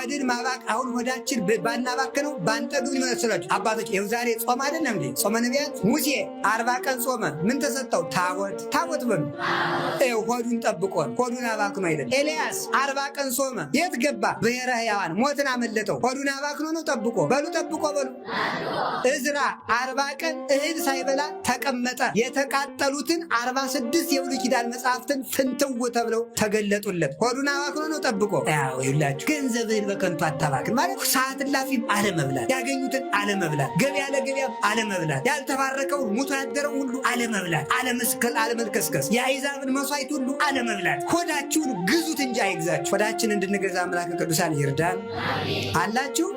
ሆድን ማባቅ አሁን ሆዳችን ባናባክ ነው ባንጠዱ ይመስላችሁ አባቶች። ይኸው ዛሬ ጾም አይደለም እንዴ? ጾመ ነቢያት ሙሴ አርባ ቀን ጾመ። ምን ተሰጠው? ታቦት ታቦት በሉ ሆዱን ጠብቆ ሆዱን አባክኖ አይደል? ኤልያስ አርባ ቀን ጾመ። የት ገባ? ብሔረ ሕያዋን ሞትን አመለጠው። ሆዱን አባክኖ ነው ጠብቆ በሉ ጠብቆ በሉ። እዝራ አርባ ቀን እህል ሳይበላ ተቀመጠ። የተቃጠሉትን አርባ ስድስት የብሉይ ኪዳን መጽሐፍትን ፍንትው ተብለው ተገለጡለት። ሆዱን አባክኖ ነው ጠብቆ ይኸውላችሁ ገንዘብህን በከንቱ አታባክን ማለት ሰዓት እላፊም አለመብላት፣ ያገኙትን አለመብላት፣ ገበያ ለገበያ አለመብላት፣ ያልተባረከውን ሙቶ ያደረው ሁሉ አለመብላት፣ አለመስከል አለመልከስከስ፣ የአይዛብን መስዋዕት ሁሉ አለመብላት። ሆዳችሁን ግዙት እንጂ አይግዛችሁ። ሆዳችን እንድንገዛ አምላከ ቅዱሳን ይርዳን አላችሁ።